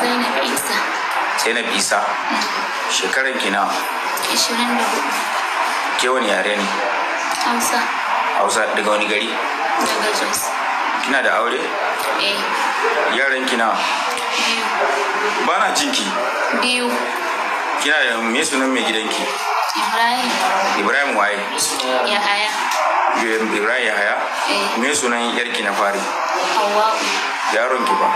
Zainab Isa. Zainab Isa. Mm. Shekaran ki nawa? 24. Ke wani yare ne? Hausa. Hausa daga wani gari? Daga Jos. Kina da aure? Eh. Yaran ki nawa? Biyu. Bana jinki? Biyu. Kina da me sunan mai gidanki? Ibrahim. Ibrahim waye? Yahaya. Ibrahim Yahaya? Eh. Me sunan yarki na fari? Hawwa. Yaron ki ba?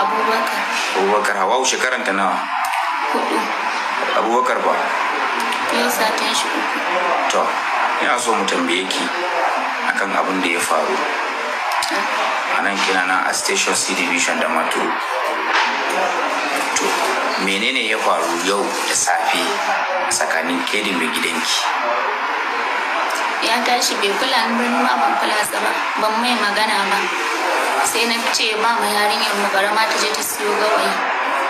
abubakar abubakar hawa shekaran ta nawa hudu abubakar ba yau satan shi uku to ina so mu tambaye ki akan abin da ya faru ah. a nan kina nan a station c division da maturu. to menene ya faru yau da safe tsakanin kedin da gidanki ya tashi bai kula ni ba ban kula ba ban mai magana ba sai na ce ba ma yarinyar mu ma ta je ta siyo gawayi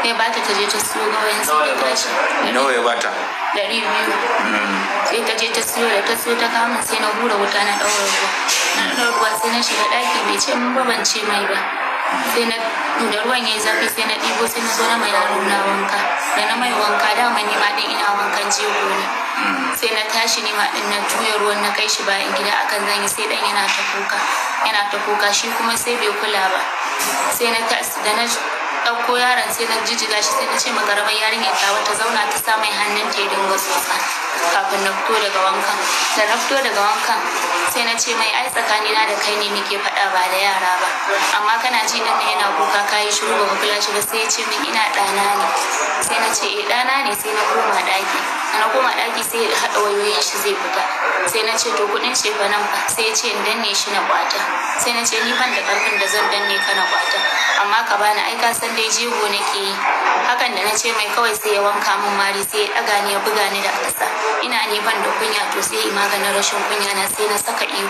sai ba ta je ta siyo gawayi sai ta tashi nawa ya bata dari biyu mm. sai ta je ta siyo da ta siyo ta kama sai na hura wuta na ɗaura ruwa na ɗaura ruwa sai na shiga ɗaki bai ce mun ba ban ce mai ba sai na da ruwan yayi zafi sai na ɗibo sai na zo na mai na wanka da na mai wanka dama ni ma ɗin ina wankan jego ne sai na tashi ni ma ɗin na juya ruwan na kai shi bayan gida akan zanyi sai ɗan yana ta kuka yana ta kuka shi kuma sai bai kula ba sai na da na ɗauko yaron sai na jijiga shi sai na ce ya yarinyar ta zauna ta sa mai hannun ta ya dinga kafin na fito daga wankan da na fito daga wankan sai na ce mai ai tsakanina da kai ne nake faɗa ba da yara ba amma kana ji nan yana kuka kayi shiru ba kula shi ba sai ya ce min ina ɗana ne sai na ce eh ɗana ne sai na koma ɗaki na koma ɗaki sai ya haɗa wayoyin shi zai fita sai na ce to kuɗin ce fa nan ba sai ya ce in danne shi na kwata sai na ce ni ban da ƙarfin da zan danne ka na kwata amma ka bani ai ka san dai jego nake yi hakan da na ce mai kawai sai ya wanka min mari sai ya ɗaga ni ya buga ni da ƙasa ina ne ban da kunya to sai yi maganin rashin kunya na sai na saka ihu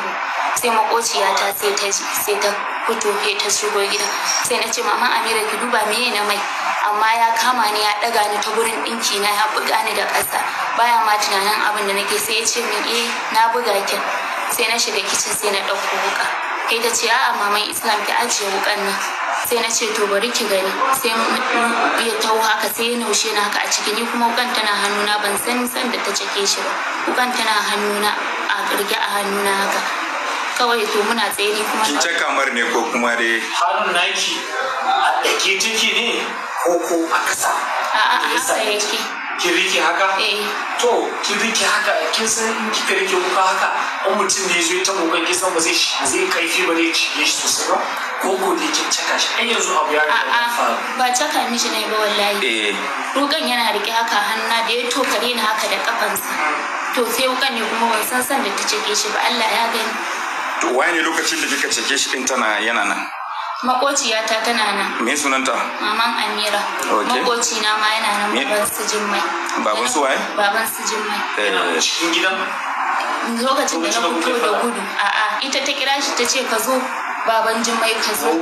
sai makociyata sai ta ji sai ta fito ta shigo gida sai na ce mama amira ki duba ne na mai amma ya kama ni ya ɗaga ni ta gurin ɗinki na ya buga ni da ƙasa baya ma tunanin abin da nake sai ya ce min eh na buga ki? sai na shiga kicin sai na ɗauko wuƙa kai ta ce a'a maman islam ki ajiye wuƙan nan sai na ce to bari ki gani sai ya taho haka sai ya naushe na haka a ciki ni kuma wukan tana hannuna ban san san da ta cike shi ba Wukan tana hannuna a ƙirge a hannuna haka kawai to muna tsaye ni kuma ki ce kamar ne ko kuma dai hannun naki da ke ciki ne ko ko a ƙasa a ƙasa ki rike haka eh. to ki rike haka kin san in kika rike kuka haka in mutum ne zai ta kokon kin san ba zai shi, zai kaifi ba zai cike shi sosai ba ko ko da kin caka shi An yanzu abu ya faru ba caka mishi ne ba wallahi rukan eh. yana rike haka hanna da ya to kare ni haka da kafansa to sai wukan ne kuma ban san san da ta cike shi ba Allah ya gani to wani lokacin da kika cike shi din tana yana nan makociyata tana nan me sunanta maman amira Makoci na ma yana nan baban su jimmai baban su waye baban su jimmai eh. yana cikin gidan lokacin da na fito da gudu a'a ita ta kira shi ta ce ka zo baban jummai ka zo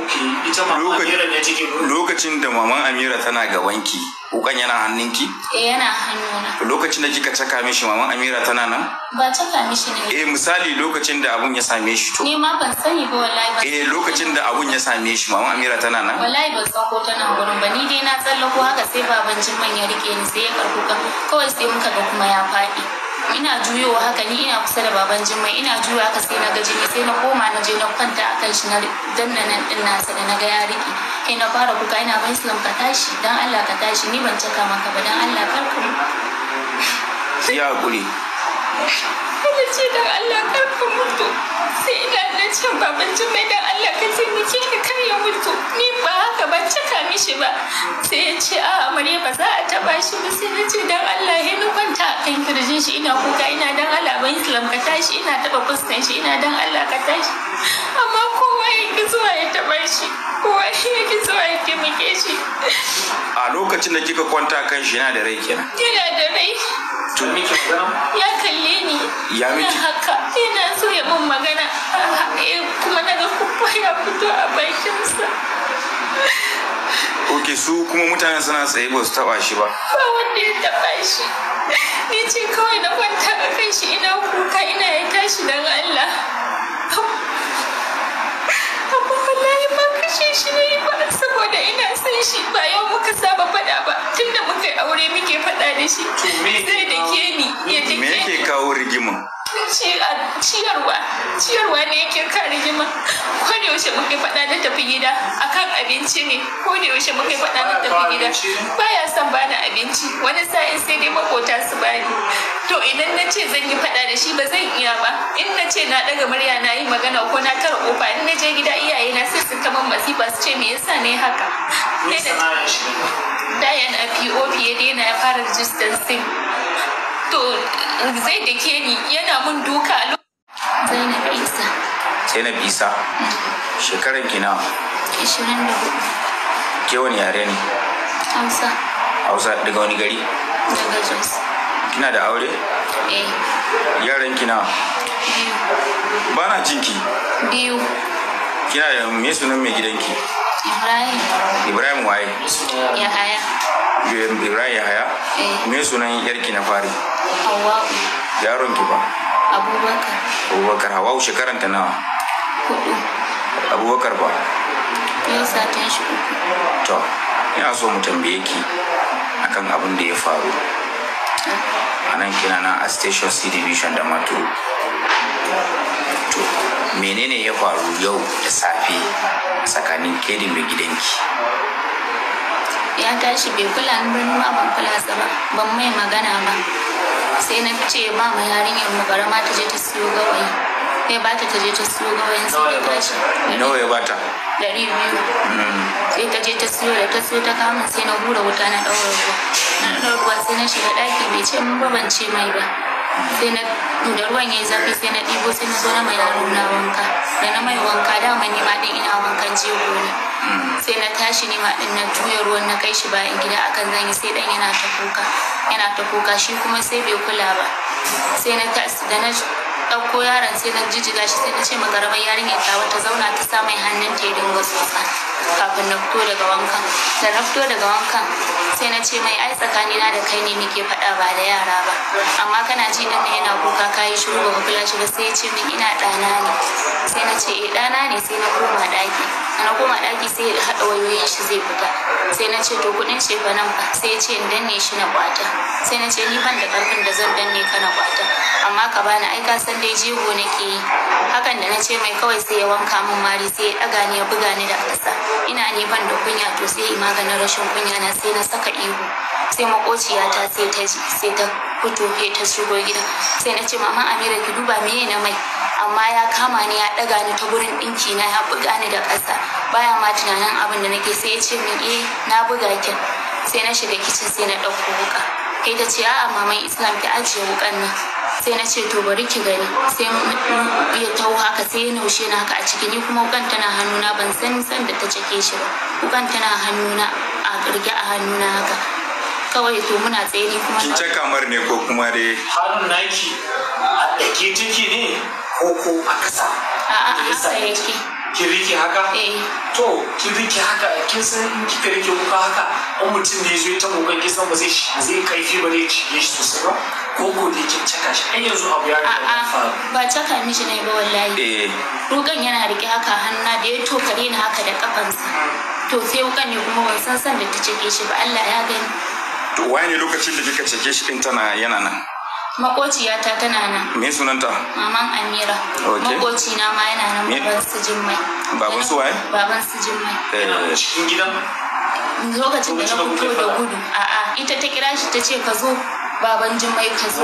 lokacin da maman amira tana ga wanki, wukan yana hannunki eh yana hannuna lokacin da kika caka mishi maman amira tana nan ba caka mishi ne eh misali lokacin da abun ya same shi to ne ma ban sani ba wallahi ba eh lokacin da abun ya same shi maman amira tana nan wallahi ban san ko tana gurin ba ni dai na tsallako haka sai baban jima'i ya rike ni sai ya karkuka kawai sai muka ga kuma ya faɗi ina juyowa haka ni ina kusa da baban jimai ina juyowa haka sai na ga jini sai na koma na je na kwanta a kan shi na danna nan din nasa da na ga ya riki kai na fara kuka ina ban islam ka tashi dan Allah ka tashi ni ban caka maka ba dan Allah kar ka sai ya hakuri Ina ce dan Allah kar ka mutu sai ina da can baban jimai dan Allah ka taimake ni kai mutu ni ba haka ban cika mishi ba sai ya ce a amarya ba za a taba shi ba sai na ce dan Allah ya ni kwanta a kan kirjin shi ina kuka ina dan Allah ban islam ka tashi ina taba fuskan shi ina dan Allah ka tashi amma kowa ya ki zuwa ya taba shi kowa ya ki zuwa ya ki muke shi a lokacin da kika kwanta kan shi yana da rai kenan yana da rai to ya kalle ni ya miki haka ina so ya mun magana eh, kuma na ga kuma ya fito a bakin ok su kuma mutane suna tsaye ba su taba shi ba ba wanda ya taba shi ni ce kawai na kwanta a kan shi ina kuka ina ya tashi don allah amma wallahi ba kashe shi ne ba saboda ina son shi ba yau muka saba faɗa ba tunda muka aure muke faɗa da shi zai da ke ni ya da ke me yake kawo rigimin ciyarwa ciyarwa ne yake kan rigima ko da yaushe muka faɗa na tafi gida akan abinci ne ko da yaushe muka faɗa na tafi gida baya son bani abinci wani sa'in sai dai makota su bani to idan na ce zan yi faɗa da shi ba zan iya ba in na ce na ɗaga murya na yi magana ko na tara ƙofa in na je gida iyaye na sai su kama masifa su ce me yasa ne haka Dayan e a POP ya daina ya fara rijistan SIM to zai da ke ni yana mun duka Zainab Isa. Zainab Isa. Mm. Shekarar Ishirin da 24. Ke wani yare ne? Hausa. Hausa daga wani gari? Daga Jos. Kina da aure? Eh. Yaran kina? nawa? Biyu. Bana jinki? Biyu. Kina da me sunan mai gidanki? Ibrahim. Ibrahim waye? Yahaya. Ibrahim Yahaya? Eh. Me sunan yarki na fari? Hawa'u. Yaron ki ba? Abubakar. Abubakar Hawa'u shekaran ta nawa? Hudu. Abubakar ba? Yau satin shi uku. To, ina so mu tambaye ki akan abin da ya faru. A nan kina na a Station C Division da Maturu. To, menene ya faru yau da safe tsakanin ke da mai gidanki? Ya tashi bai kula ni ba ban kula ba, ban mai magana ba. sai na ce ba ma yarinyar mu bara ma ta je ta siyo gawayi sai ba ta je ta siyo gawayi sai ta tashi nawa ya bata dari biyu hmm. sai ta je ta siyo da ta siyo ta kama sai na hura wuta na ɗaura ruwa na ɗaura ruwa sai na shiga ɗaki bai ce mun ba ban ce mai ba sai na da ruwan ya yi zafi sai na ɗibo sai na zo na mai yaro na wanka da na mai wanka dama ni ma ɗin ina wankan jego ne sai na tashi ne ma din na juya ruwan na kai shi bayan gida akan zanyi sai dan yana ta kuka yana ta kuka shi kuma sai bai kula ba sai na da na ɗauko yaron sai na jijjiga shi sai na ce magaramar yarinyar ta wata zauna ta sa mai hannun ta ya dinga tsotsa kafin na fito daga wankan da na fito daga wankan sai na ce mai ai tsakanina da kai ne muke faɗa ba da yara ba amma kana ji ɗan ne yana kuka kayi shiru ba ka kula shi ba sai ya ce min ina ɗana ne sai na ce eh ɗana ne sai na koma ɗaki na koma daki sai ya haɗa wayoyin shi zai fita sai na ce to kuɗin ce ba nan ba sai ya ce in danne shi na kwata sai na ce ni ban da ƙarfin da zan danne ka na kwata amma ka bani ai ka san dai jego nake yi hakan da na ce mai kawai sai ya wanka min mari sai ya ɗaga ni ya buga ni da kasa ina ni ban da kunya to sai maganin rashin kunya na sai na saka ihu sai makociya ta sai ta ji sai ta fito ta shigo gidan sai na ce mama amira ki duba miye na mai amma ya kama ni ya daga ni ta gurin ɗinki na ya buga ni da ƙasa baya ma tunanin abin da nake sai ya ce min eh na buga ki sai na shiga kicin sai na ɗauko wuka kai ta ce a'a maman islam ki ajiye wukan nan sai na ce to bari ki gani sai ya tau haka sai ya naushe na haka a ciki ni kuma wukan tana hannuna ban san san da ta cike shi ba wukan tana hannuna a ƙirge a hannuna haka kawai to muna tsaye ni kuma kin caka mar ne ko kuma dai hannun naki a dake take ne ko ko a kasa a a kasa yake ki rike haka eh. to ki rike haka kin san in ki rike kuka haka in mutum ne zai ta kokon kin san ba zai shi, zai kaifi ba zai cike shi sosai ba ko ko dai kin caka shi ai yanzu abu ya faru ba caka mishi ne ba wallahi rugan eh. yana rike haka hanna da ya to kare ni haka da kafansa to sai wukan ne kuma wannan san san da ta cike shi ba Allah ya gani to wani lokacin da kika cike shi din tana yana nan makociyata tana nan me sunanta maman amira okay. makoci na ma yana nan baban su jimmai baban su waye baban su jimmai Eh cikin gidan lokacin da na fito da gudu a'a ita ta kira shi ta ce ka zo baban jimai ka zo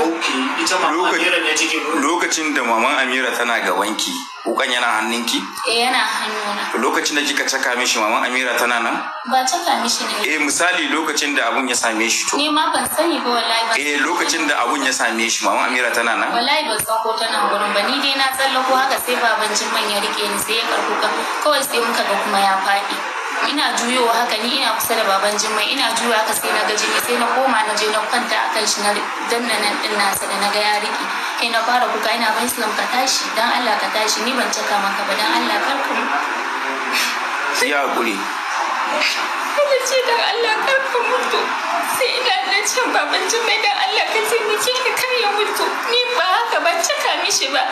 lokacin da maman amira tana ga wanki kukan yana hannunki E yana hannuna lokacin da kika caka mishi maman amira tana nan ba caka mishi ne E, misali lokacin da abun ya same shi to ni ma ban sani ba wallahi ba eh lokacin da abun ya same shi maman amira tana nan wallahi ban san ko tana gurin ba ni dai na tsallako haka sai baban jimai ya rike ni sai ya karkuka kawai sai muka ga kuma ya faɗi ina juyowa haka ni ina kusa da baban Jummai ina juyowa haka sai na ga jini sai na koma na je na kwanta a kan shi na danna nan din nasa da na ga ya riki kai na fara kuka ina ba islam ka tashi dan Allah ka tashi ni ban caka maka ba dan Allah kar ka ya hakuri Allah ce don Allah karfa mutu sai ina da can baban jimai don Allah ka taimake ni kar ya mutu ni ba haka ba cika mishi ba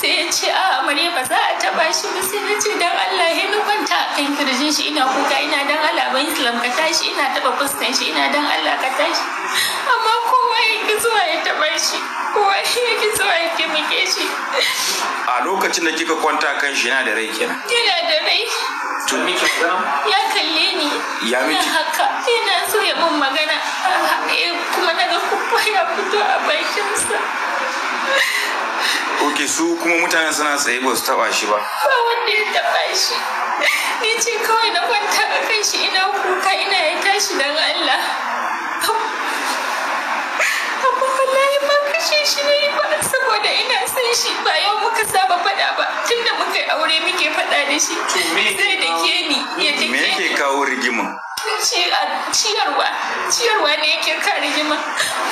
sai ya ce a amare ba za a taba shi ba sai na ce don Allah ya ni kwanta a kan kirjin shi ina kuka ina don Allah ban islam ka tashi ina taba fuskan shi ina don Allah ka tashi rike shi a lokacin da kika kwanta kan shi yana da rai kenan yana da rai to miki ya kalle ni ya miki haka yana so ya mun magana eh, kuma naga kuma ya fito a bakinsa ok su kuma mutanen suna tsaye ba su taba shi ba ba wanda ya taba shi ni ce kawai na kwanta a kan shi ina kuka ina ya tashi don allah yi ma kashe shi na yi ba saboda ina son shi ba yau muka saba faɗa ba tun da muka yi aure muke faɗa da shi zai da ke ni ya da ke me yake kawo rigima ciyarwa ciyarwa ne yake ka rigima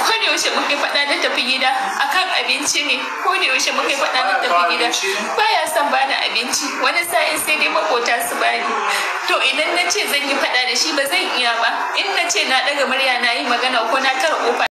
ko da yaushe muka faɗa na tafi gida akan abinci ne ko da yaushe muka faɗa na tafi gida baya son bani abinci wani sa'in sai dai makota su bani to idan na ce zan yi faɗa da shi ba zan iya ba in na ce na daga murya na yi magana ko na tara kofa